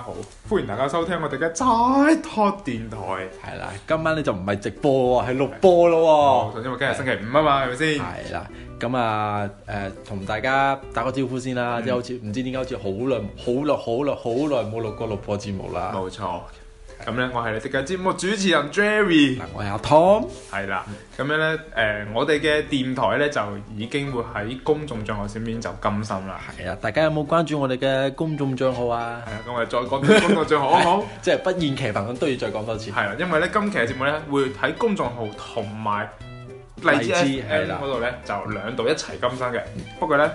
好，歡迎大家收聽我哋嘅《齋 talk 電台》。係啦，今晚呢就唔係直播喎，係錄播咯喎。哦，首先我今日星期五啊嘛，係咪先？係啦的，咁啊的，誒，同、呃、大家打個招呼先啦。嗯、即係好似唔知點解好似好耐、好耐、好耐、好耐冇錄過錄播節目啦。冇錯。咁咧，我係你嘅節目主持人 Jerry，我係阿 Tom，係啦。咁、嗯、樣咧，誒、呃，我哋嘅電台咧就已經會喺公眾帳號上面就更新啦。係啊，大家有冇關注我哋嘅公眾帳號啊？係啊，咁我哋再講多公眾帳號好唔 好？即係 好不厭其煩咁都要再講多次。係啦，因為咧今期嘅節目咧會喺公眾號同埋荔枝 FM 度咧就兩度一齊更新嘅。不過咧。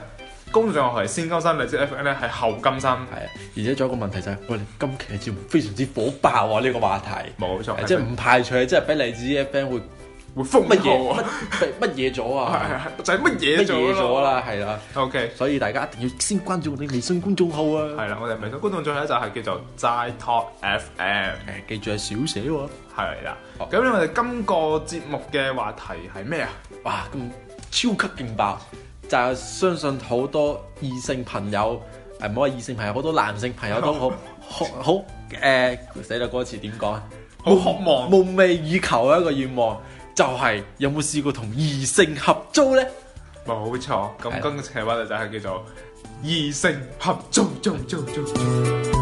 工作上係先更新，荔枝 FM 咧係後更新。係啊，而且仲有一個問題就係、是，哋今期嘅節目非常之火爆喎、啊，呢、這個話題。冇錯，呃、即係唔排除，即係俾荔枝 FM 會會封乜嘢？乜嘢咗啊？係係就係乜嘢咗啦？係啦。啊 啊、OK。所以大家一定要先關注我哋微信公眾號啊。係啦，我哋微信公眾號咧就係叫做 ZTalk FM。誒、欸，記住係小寫喎、啊。係啦。咁咧，我哋今個節目嘅話題係咩啊？哇，咁超級勁爆！就係相信好多異性朋友，誒唔好話異性朋友，好多男性朋友都好， 好好誒死咗歌詞點講？好渴望、夢寐以求嘅一個願望，就係、是、有冇試過同異性合租呢？冇、哦、錯，咁今日嘅話題就係叫做異性合租租租的租。租租租租租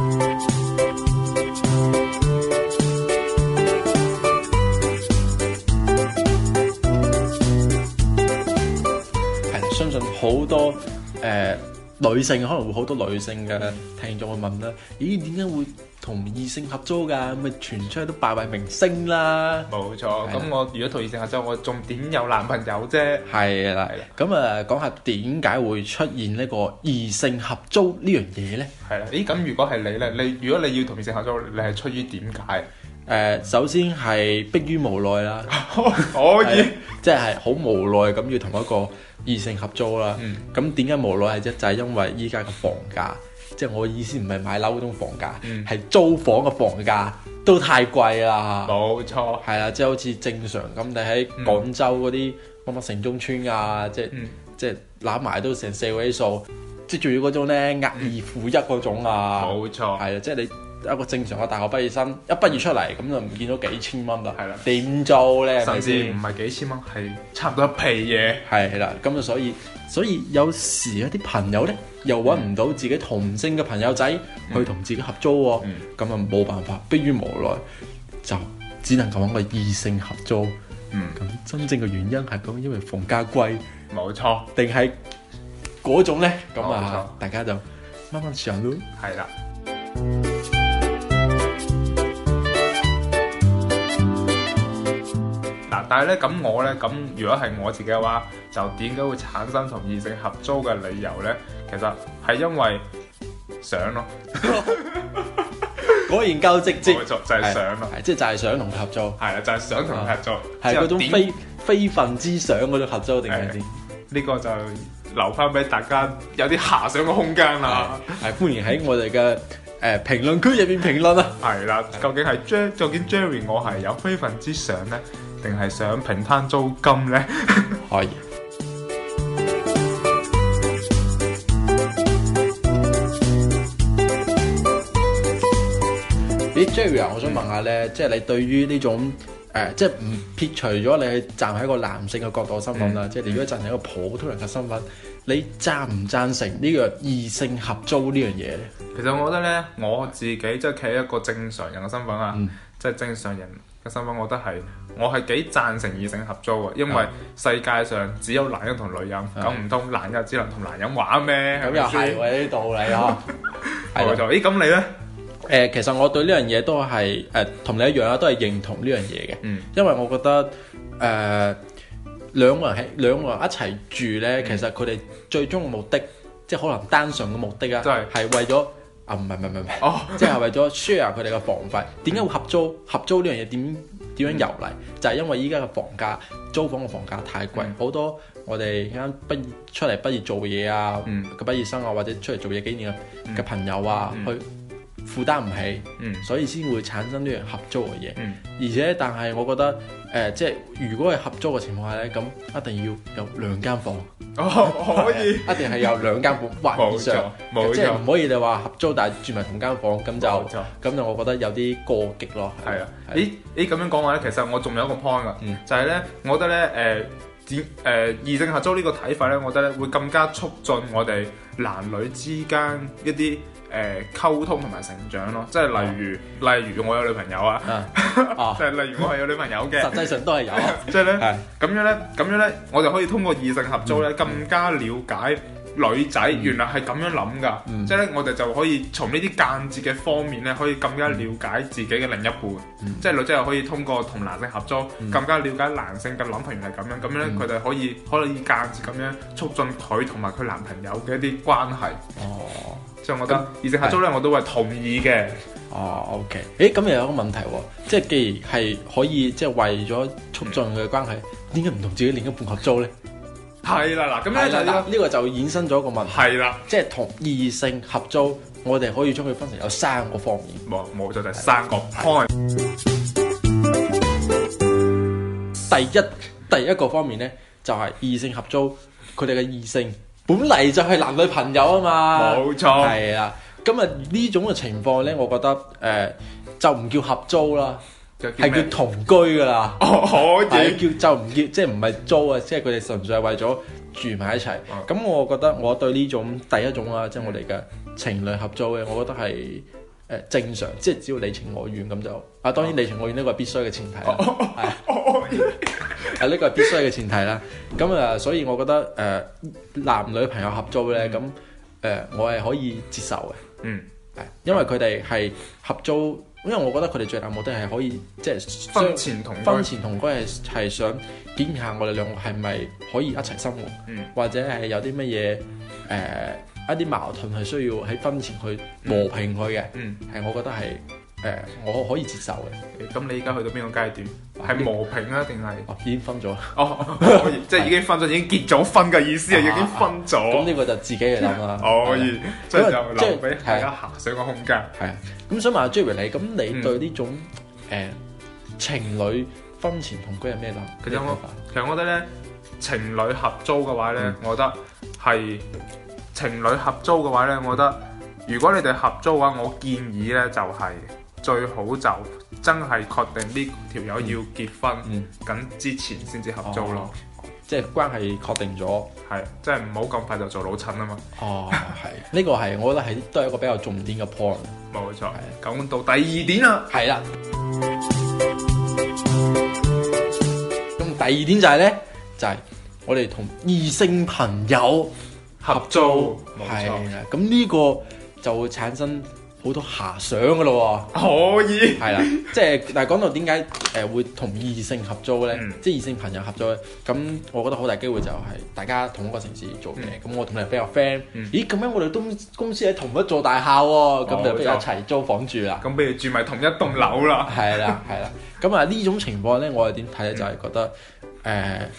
好多誒、呃、女性可能會好多女性嘅聽眾會問啦，咦，點解會同異性合租㗎？咪傳出去都拜拜明星啦，冇錯錯。咁的我如果同異性合租，我仲點有男朋友啫？係啦，係啦。咁啊，講下點解會出現呢個異性合租呢樣嘢咧？係啦，咦，咁如果係你咧，你如果你要同異性合租，你係出於點解？誒，首先係迫於無奈啦，可以，即係好無奈咁要同一個異性合租啦。咁點解無奈係一就係、是、因為依家嘅房價，即、就、係、是、我意思唔係買樓嗰種房價，係、mm. 租房嘅房價都太貴啦。冇錯，係啊，即、就、係、是、好似正常咁，你喺廣州嗰啲乜乜城中村啊，即係即係攬埋都成四位數，即係仲要嗰種咧押二付一嗰種啊。冇 錯，係啊，即、就、係、是、你。一個正常嘅大學畢業生一畢業出嚟咁就唔見到幾千蚊啦，係啦，點租咧？甚至唔係幾千蚊，係差唔多一皮嘢，係係啦。咁啊，所以所以有時一啲朋友咧又揾唔到自己同性嘅朋友仔去同、嗯、自己合租喎、哦，咁啊冇辦法，迫於無奈就只能夠揾個異性合租。嗯，咁真正嘅原因係咁，因為房價貴，冇錯，定係嗰種咧？咁啊，大家就慢慢上咯。係啦。嗯 但係咧，咁我咧，咁如果係我自己嘅話，就點解會產生同異性合租嘅理由咧？其實係因為想咯。 果然夠直接，就係想咯對，即係就係想同佢合租。係啦，就係、是、想同佢合租，係嗰、就是就是、種非非分之想嗰種合租定係點？呢、這個就留翻俾大家有啲遐想嘅空間啦。係歡迎喺我哋嘅誒評論區入面評論啊。係啦，究竟係 Jerry，究竟 Jerry 我係有非分之想咧？定係想平攤租金呢？可 以。咦 ，Jerry，我想問下呢，嗯、即係你對於呢種誒、呃，即係唔撇除咗你站喺一個男性嘅角度身份啦，嗯、即係你如果站喺一個普通人嘅身份，你贊唔贊成呢個異性合租呢樣嘢呢？其實我覺得呢，嗯、我自己即係企喺一個正常人嘅身份啊，即係、嗯、正常人。嘅身份，我覺得係，我係幾贊成異性合租嘅，因為世界上只有男人同女人，講唔通男人只能同男人玩咩？咁又係喎，呢啲道理呵。係我就，咦、欸、咁你呢？誒，其實我對呢樣嘢都係誒，同、呃、你一樣啊，都係認同呢樣嘢嘅。嗯，因為我覺得誒、呃，兩個人喺兩個人一齊住呢，嗯、其實佢哋最終嘅目的，即、就、係、是、可能單純嘅目的啊，係為咗。啊，唔係唔係唔係哦， 即係為咗 share 佢哋嘅房費，點解會合租？合租呢樣嘢點點樣由嚟？嗯、就係因為依家嘅房價，租房嘅房價太貴，好、嗯、多我哋啱畢業出嚟畢業做嘢啊嘅畢業生啊，或者出嚟做嘢幾年嘅嘅朋友啊、嗯嗯、去。負擔唔起，嗯、所以先會產生呢樣合租嘅嘢。嗯、而且但係，我覺得誒、呃，即係如果係合租嘅情況下咧，咁一定要有兩間房。哦，可以， 一定係有兩間房冇錯或以上，冇錯，即係唔可以你話合租但係住埋同間房咁，就咁冇錯，就我覺得有啲過激咯。係啊的，咦，你咁樣講話咧，其實我仲有一個 point 㗎，嗯、就係咧、呃，我覺得咧誒，誒異性合租呢個睇法咧，我覺得咧會更加促進我哋男女之間一啲。誒溝通同埋成長咯，即係例如、oh. 例如我有女朋友啊，oh. 即係例如我係有女朋友嘅，實際上都係有。 即係呢，咁 樣呢，咁樣呢，我就可以通過異性合租呢，更加了解女仔原來係咁樣諗噶。Mm. 即係呢，我哋就可以從呢啲間接嘅方面呢，可以更加了解自己嘅另一半。Mm. 即係女仔又可以通過同男性合租，更加了解男性嘅諗法原來係咁樣。咁樣呢，佢哋、mm. 可以可以間接咁樣促進佢同埋佢男朋友嘅一啲關係。哦。Oh. 就覺得異性合租咧那，我都係同意嘅。哦、啊，OK、欸。誒，咁又有一個問題喎，即係既然係可以，即、就、係、是、為咗促進佢嘅關係，點解唔同自己另一半合租咧？係啦，嗱，咁咧就呢個就衍生咗一個問題。係啦了，即係同異性合租，我哋可以將佢分成有三個方面。冇冇錯，就是、三個 point。第一，第一個方面咧，就係、是、異性合租，佢哋嘅異性。本嚟就係男女朋友啊嘛，冇錯，係啊。咁啊呢種嘅情況呢，我覺得誒就唔叫合租啦，係叫同居噶啦，係叫就唔叫即係唔係租啊，即係佢哋純粹係為咗住埋一齊。咁我覺得我對呢種第一種啊，即係我哋嘅情侶合租嘅，我覺得係誒正常，即係只要你情我願咁就啊，當然你情我願呢個係必須嘅前提啊。 啊！呢、這個係必須嘅前提啦。咁啊，所以我覺得誒、呃、男女朋友合租呢，咁誒、嗯呃、我係可以接受嘅。嗯，因為佢哋係合租，因為我覺得佢哋最大目的係可以即係婚前同婚前同居係想檢驗下我哋兩個係咪可以一齊生活，嗯、或者係有啲乜嘢誒一啲矛盾係需要喺婚前去磨平佢嘅、嗯。嗯，係我覺得係。誒，我可以接受嘅。咁你而家去到邊個階段？係磨平啦，定係已經分咗哦，即係已經分咗，已經結咗婚嘅意思啊？已經分咗。咁呢個就自己嘅諗啦。以，所以就留俾大家遐想嘅空間。係啊，咁想問阿 Judy 你，咁你對呢種誒情侶婚前同居係咩諗？其實我其實我覺得咧，情侶合租嘅話咧，我覺得係情侶合租嘅話咧，我覺得如果你哋合租嘅話，我建議咧就係。最好就真係確定呢條友要結婚咁、嗯嗯、之前先至合租咯、哦，即係關係確定咗，係即係唔好咁快就做老親啊嘛。哦，係呢 個係，我覺得係都係一個比較重點嘅 point。冇錯錯，咁是到第二點啦，係啦。咁第二點就係咧，就係、是、我哋同異性朋友合租，冇錯啦。咁呢個就會產生。好多遐想噶咯喎，可以，係啦，即係，但係講到點解誒會同異性合租呢？嗯、即係異性朋友合租，呢？咁我覺得好大機會就係大家同一個城市做嘢，咁、嗯、我同你比較 friend，、嗯、咦，咁樣我哋公公司喺同一座大廈喎、啊，咁、哦、就不如一齊租房住啦，咁、嗯、不如住埋同一棟樓啦，係啦係啦，咁啊呢種情況呢，我係點睇呢？嗯、就係覺得誒、呃，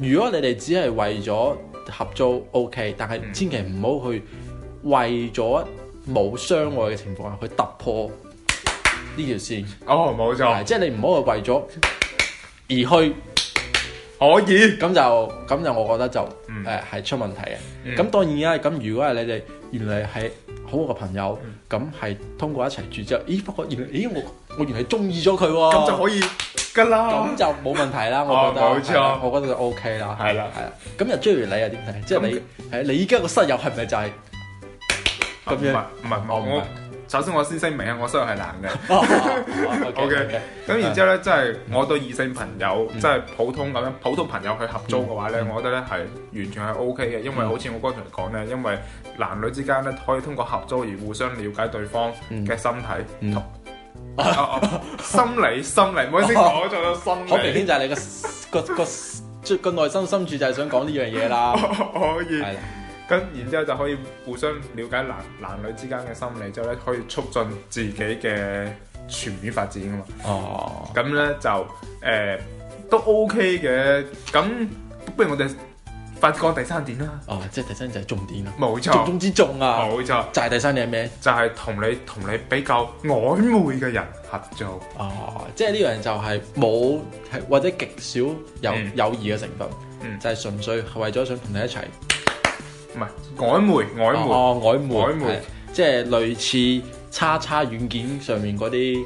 如果你哋只係為咗合租 OK，但係千祈唔好去為咗。冇相愛嘅情況下，佢突破呢條線，哦，冇錯，即係你唔好係為咗而去，可以咁就咁就我覺得就誒係出問題嘅。咁當然啦，咁如果係你哋原來係好嘅朋友，咁係通過一齊住之後，咦不過原來咦我我原來中意咗佢喎，咁就可以㗎啦，咁就冇問題啦。我覺得冇錯，我覺得就 OK 啦。係啦，係啊，咁又中意你又點睇？即係你係你依家個室友係咪就係？咁唔係唔係，我首先我先聲明啊，我身係男嘅。O K。咁然之後咧，即係我對異性朋友，即係普通咁樣普通朋友去合租嘅話咧，我覺得咧係完全係 O K 嘅，因為好似我剛才講咧，因為男女之間咧可以通過合租而互相了解對方嘅身體。唔同。心理心理，唔好意思，講錯咗心。好明顯就係你個個個個內心深處就係想講呢樣嘢啦。可以。跟然之後就可以互相了解男男女之間嘅心理，之後咧可以促進自己嘅全面發展噶嘛。哦，咁咧就誒、呃、都 OK 嘅。咁不如我哋發講第三點啦。哦，即係第三點就係重點啦。冇錯，重中，中之重啊。冇錯，就係第三點係咩？就係同你同你比較曖昧嘅人合作。哦，即係呢個就係冇係或者極少有友誼嘅成分，嗯、就係純粹係為咗想同你一齊。唔係，曖昧，曖昧，曖昧，哦、曖昧，曖昧即係類似叉叉軟件上面嗰啲，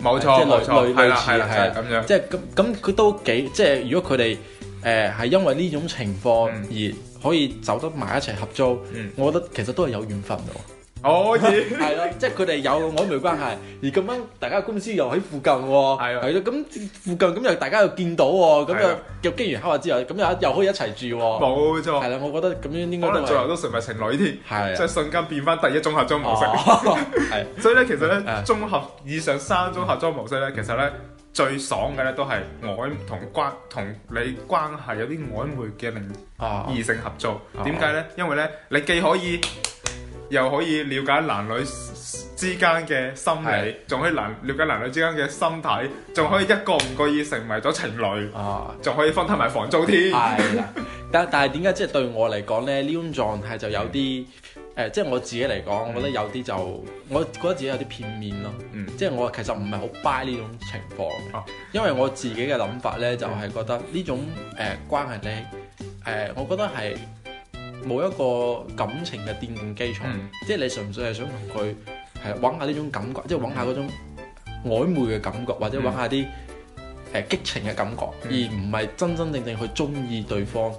冇錯，類錯類似，係係咁樣。即係咁咁，佢都幾，即係如果佢哋誒係因為呢種情況而可以走得埋一齊合租，嗯、我覺得其實都係有緣分㗎。我係咯，即係佢哋有曖昧關係，而咁樣大家公司又喺附近喎，係咯咁附近咁又大家又見到喎，咁又結婚完後之後咁又又可以一齊住喎，冇 R in 錯，係啦，我覺得咁樣應該 R in 可能最後都成為情侶添，即係瞬間變返第一種合租模式，係，所以咧其實咧，綜合以上三種合租模式咧，其實咧最爽嘅咧都係曖同關同你關係有啲曖昧嘅另異性合租，點解咧？因為咧你既可以，又可以了解男女之間嘅心理，仲是可以男了解男女之間嘅身體，仲可以一個唔覺意成為咗情侶，仲、啊、可以分攤埋房租添。係的 但但係點解即係對我嚟講咧呢種狀態就有啲誒，即係、嗯呃就是、我自己嚟講，我覺得有啲就我覺得自己有啲片面咯。嗯，即係我其實唔係好 buy 呢種情況，啊、因為我自己嘅諗法呢，就係、是、覺得呢種誒關係呢，誒、呃呃呃，我覺得係。冇一個感情嘅奠定基礎，即係你純粹係想同佢係揾下呢種感覺，即係揾下嗰種曖昧嘅感覺，或者揾下啲誒激情嘅感覺，而唔係真真正正去鍾意對方。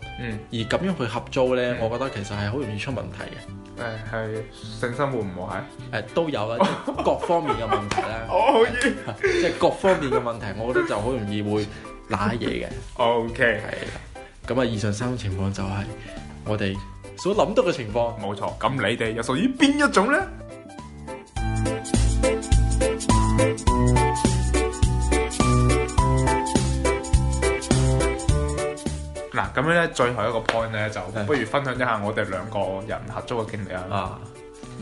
而咁樣去合租呢，我覺得其實係好容易出問題嘅。誒係性生活唔和諧係誒都有啊，各方面嘅問題咧，即係各方面嘅問題，我覺得就好容易會打野嘅。OK，係啦，咁啊，以上三種情況就係我哋所諗到嘅情況，冇錯。咁你哋又屬於邊一種咧？嗱，咁 樣咧，最後一個 point 咧，就不如分享一下我哋兩個人合租嘅經歷啦。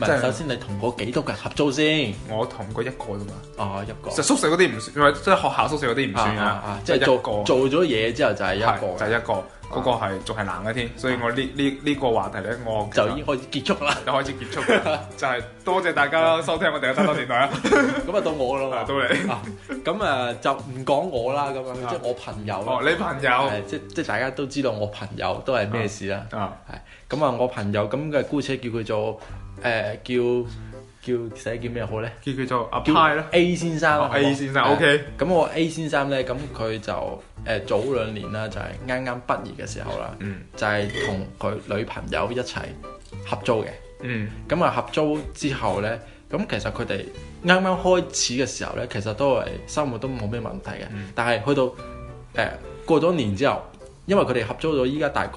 啊，即係、就係、首先你同過幾多個人合租先？我同過一個啫嘛。啊，一個。就宿舍嗰啲唔算，即係、就係、學校宿舍嗰啲唔算啊。即、啊、係、啊、一個。做咗嘢之後就係一個，就一個。嗰個係仲係難嘅添，所以我呢呢呢個話題咧，我就已經開始結束啦，就開始結束。就係多謝大家收聽我哋嘅《新州年代》啊！咁啊到我咯，到你。咁啊就唔講我啦，咁樣即係我朋友。哦，你朋友。係即即大家都知道我朋友都係咩事啦。啊。係。咁啊，我朋友咁嘅姑且叫佢做誒叫。叫寫叫咩好咧？叫呢叫做阿派咯，A 先生、啊啊、A 先生，O.K. 咁我 A 先生咧，咁佢就誒、呃、早兩年啦，就係啱啱畢業嘅時候啦，嗯、就係同佢女朋友一齊合租嘅。咁啊、嗯，合租之後咧，咁其實佢哋啱啱開始嘅時候咧，其實都係生活都冇咩問題嘅。嗯、但係去到誒、呃、過咗年之後，因為佢哋合租咗依家大概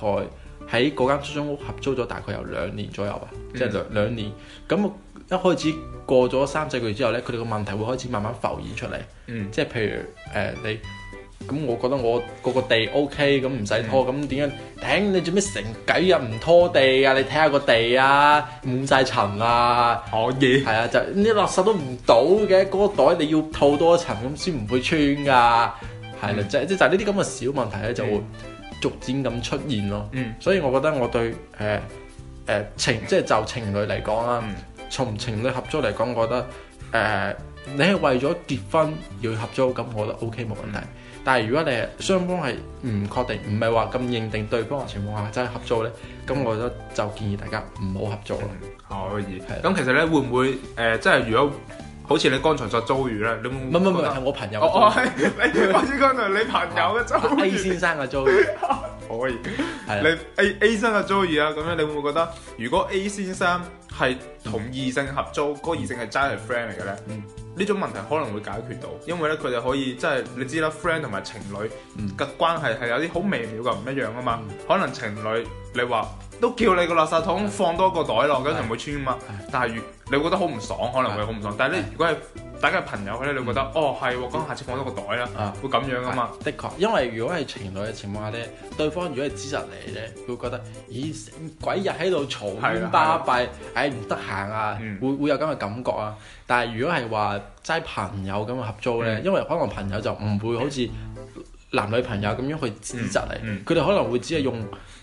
喺嗰間出租屋合租咗大概有兩年左右啊，即係兩兩年咁。嗯一開始過咗三四個月之後呢，佢哋個問題會開始慢慢浮現出嚟，嗯、即係譬如誒、呃、你咁，我覺得我個個地 O K，咁唔使拖，咁點樣？頂、嗯、你做咩成幾日唔拖地啊？你睇下個地啊，滿晒塵啦，可以係啊，嗯、就啲垃圾都唔倒嘅，個袋你要套多一層咁先唔會穿噶，係啦，即係、嗯、就呢啲咁嘅小問題咧，就會逐漸咁出現咯。嗯、所以我覺得我對誒誒、呃呃呃、情，即、就、係、係、就情侶嚟講啦。嗯嗯。從情侶合租嚟講，我覺得誒、呃，你係為咗結婚要合租，咁我覺得 O K 冇問題。但係如果你係雙方係唔確定，唔係話咁認定對方嘅情況下，真係合租呢，咁我覺得就建議大家唔好合租咯、嗯。可以係。咁是的 其實咧，會唔會誒，即、呃、係如果？好似你剛才所遭遇咧，你冇？唔唔唔，係我朋友。哦，係你我先講到你朋友嘅遭遇。A 先生嘅遭遇 可以係是的 你 A A 先生嘅遭遇啊？咁樣你會唔會覺得，如果 A 先生係同異性合租，嗰、嗯、個異性係真係 friend 嚟嘅咧？嗯，呢種問題可能會解決到，因為咧佢哋可以即係你知啦，friend 同埋情侶嘅關係係有啲好微妙嘅唔一樣啊嘛。嗯、可能情侶你話。都叫你個垃圾桶放多個袋落，咁就唔會穿嘛。但係你會覺得好唔爽，可能會好唔爽。但係你如果係大家係朋友咧，你會覺得哦，係，咁下次放多個袋啦，會咁樣噶嘛？的確，因為如果係情侶嘅情況下咧，對方如果係指責嚟咧，會覺得咦，鬼日喺度嘈，巴閉，唉，唔得閒啊，會會有咁嘅感覺啊。但係如果係話齋朋友咁嘅合租咧，因為可能朋友就唔會好似。男女朋友咁樣去指責你，佢哋、嗯嗯、可能會只係用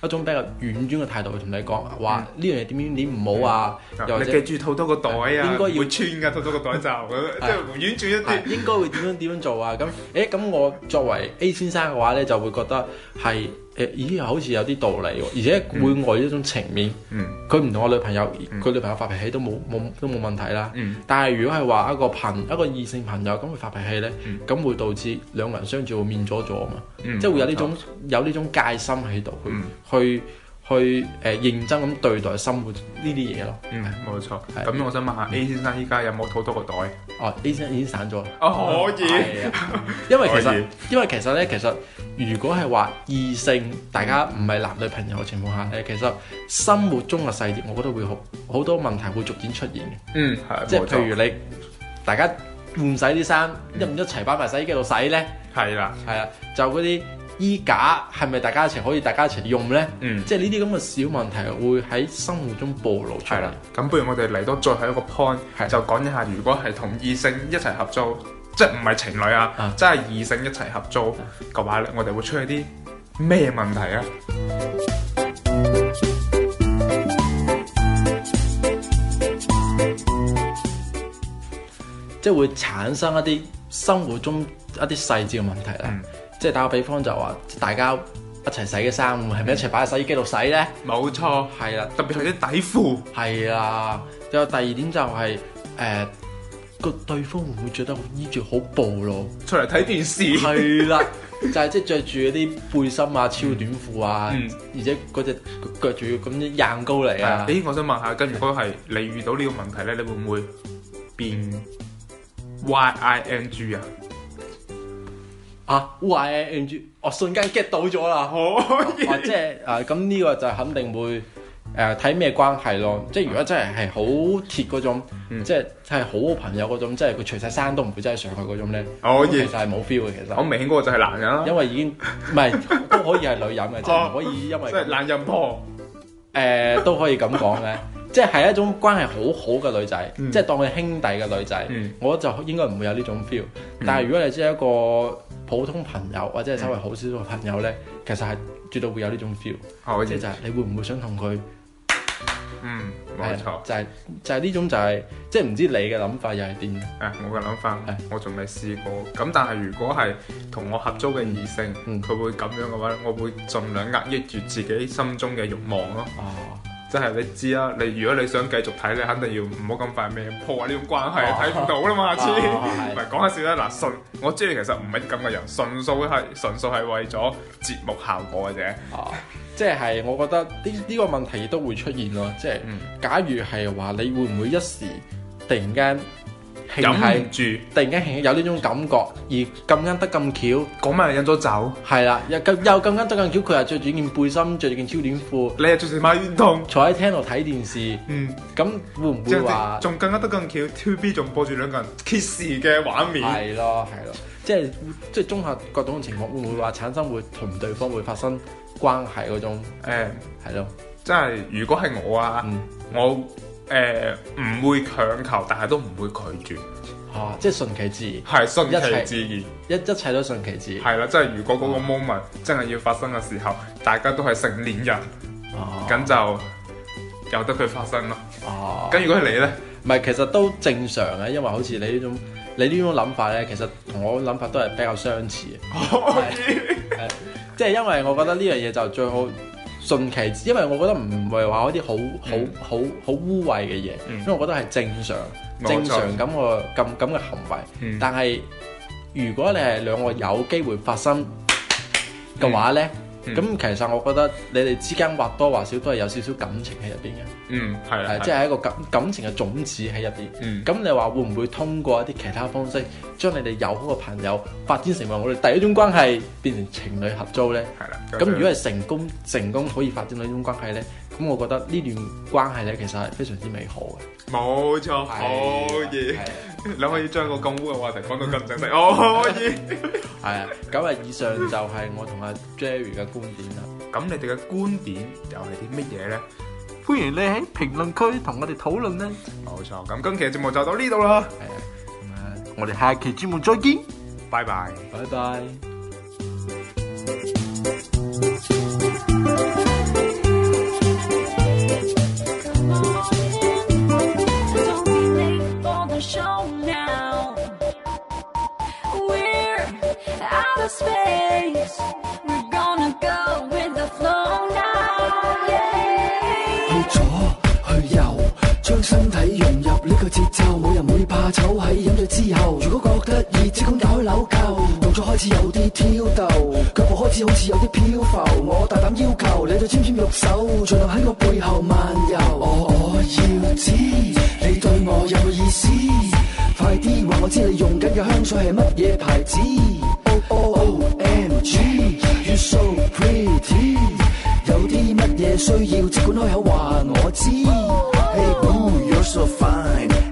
一種比較婉轉嘅態度去同你講話呢樣嘢點點點唔好啊，的又或者你記住套多個袋啊，應該要穿㗎，套多個袋就咁， 的即係唔婉轉一啲。應該會點樣點樣做啊？咁誒咁，欸、我作為 A 先生嘅話呢，就會覺得係。誒，咦，好似有啲道理喎，而且會礙於一種情面。佢唔同我女朋友，佢、嗯、女朋友發脾氣都冇冇都冇問題啦。嗯、但係如果係話一個朋、嗯、一個異性朋友咁佢發脾氣呢，咁、嗯、會導致兩個人相處會面阻阻嘛。嗯、即係會有呢種、嗯、有呢種戒心喺度、嗯、去。嗯去去誒認真咁對待生活呢啲嘢咯。嗯，冇錯。咁我想問下 A 先生，依家有冇好多個袋？哦，A 先生已經散咗。哦，可以、嗯。因為其實，以因為其實咧，其實如果係話異性，大家唔係男女朋友嘅情況下咧，其實生活中嘅細節，我覺得會好好多問題會逐漸出現嘅。嗯，係。即係譬如你錯大家換洗啲衫，嗯、一唔一齊擺埋洗衣機度洗咧？係啦的，係啦，就嗰啲。衣架係咪大家一齊可以大家一齊用呢？嗯，即係呢啲咁嘅小問題會喺生活中暴露出嚟。係啦，咁不如我哋嚟到最後一個 point，的就講一下，如果係同異性一齊合租，即係唔係情侶啊，啊真係異性一齊合租嘅、嗯、話咧，我哋會出現啲咩問題啊？嗯、即係會產生一啲生活中一啲細節嘅問題咧。嗯即係打個比方就話，大家一齊洗嘅衫，係咪一齊擺喺洗衣機度洗咧？冇錯，係啦，特別係啲底褲。係啊，仲有第二點就係、是、誒，個、呃、對方會唔會着得衣著好暴露，出嚟睇電視？係啦，就係即係着住嗰啲背心啊、超短褲啊，嗯嗯、而且嗰隻腳住咁樣硬高嚟啊！咦，我想問下，跟住嗰個係你遇到呢個問題咧，你會唔會變 YING 啊？啊，Y 我、啊、瞬間 get 到咗啦！好、啊啊！即係啊，咁呢個就肯定會誒睇咩關係咯。即係如果真係係、嗯、好鐵嗰種，即係係好朋友嗰種，即係佢除晒衫都唔會真係上去嗰種咧。哦，其實係冇 feel 嘅，其實我明顯嗰個就係男人噶，因為已經唔係都可以係女人嘅， 即係可以因為即係男人婆誒、呃、都可以咁講嘅。 即係一種關係好好嘅女仔，即係當佢兄弟嘅女仔，我就應該唔會有呢種 feel。但係如果你只係一個普通朋友或者係稍微好少少朋友呢，其實係絕對會有呢種 feel。或者就係你會唔會想同佢？嗯，冇錯，就係就係呢種就係即係唔知你嘅諗法又係點？我嘅諗法，我仲未試過。咁但係如果係同我合租嘅異性，佢會咁樣嘅話，我會盡量壓抑住自己心中嘅慾望咯。即係你知啦，你如果你想繼續睇，你肯定要唔好咁快咩破壞呢種關係。哦，睇唔到啦嘛，次，唔係、哦哦、 講下笑啦。嗱，純我知你其實唔係咁嘅人，純粹係純粹係為咗節目效果嘅啫。即係、哦就是、我覺得呢呢、呢個問題亦都會出現咯。即係，假如係話你會唔會一時突然間？忍唔住，突然間有呢種感覺，而咁啱得咁巧，講埋飲咗酒，係啦，Adam 又又咁啱得咁巧，佢又着住件背心，着住件超短褲，你又着住孖圓筒，坐喺廳度睇電視，weight? 嗯，咁會唔會話，仲更加得咁巧，TV 仲播住兩個人 kiss 嘅畫面，係咯，係咯，即係即係綜合各種情況，會唔會話產生會同對方會發生關係嗰種，誒、um, yep.，係咯，即係如果係我啊，我。我我誒唔、呃、會強求，但係都唔會拒絕，啊！即係順其自然，係順其自然，一一,一切都順其自然，係啦！即、就、係、是、如果嗰個 moment 真係要發生嘅時候，大家都係成年人，咁、啊、就由得佢發生咯。哦、啊，咁如果係你呢？唔係其實都正常嘅，因為好似你呢種你呢種諗法呢，其實同我諗法都係比較相似，係，即係因為我覺得呢樣嘢就最好。順其，因為我覺得唔係話嗰啲好、嗯、好好好污穢嘅嘢，嗯、因為我覺得係正常、冇錯、正常咁個咁咁嘅行為。嗯、但係如果你係兩個有機會發生嘅話呢？嗯咁、嗯、其實我覺得你哋之間或多或少都係有少少感情喺入邊嘅，嗯，係，即係一個感感情嘅種子喺入邊。嗯，咁你話會唔會通過一啲其他方式，將你哋有好嘅朋友發展成為我哋第一種關係，變成情侶合租呢？係啦，咁如果係成功，成功可以發展到呢種關係呢？咁我覺得呢段關係咧，其實係非常之美好嘅。冇錯，可以。你可以將個咁污嘅話題講到咁正直，我可以。係啊，咁啊以上就係我同阿 Jerry 嘅觀點啦。咁你哋嘅觀點又係啲乜嘢咧？歡迎你喺評論區同我哋討論咧。冇錯，咁今期嘅節目就到呢度啦。誒，我哋下期節目再見。拜拜，拜拜。開始有啲挑逗，腳步開始好似有啲漂浮。我大膽要求你對纖纖玉手，盡量喺我背後漫遊。我我、oh, 要知你對我有冇意思， 快啲話我知你用緊嘅香水係乜嘢牌子。Oh oh oh, MG, you so pretty。有啲乜嘢需要，即管開口話我知。Oh, oh, oh. Hey, boo, you're so fine。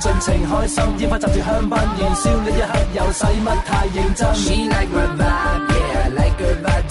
盡情開心，煙花炸住香檳燃燒。你一刻，又使乜太認真？She like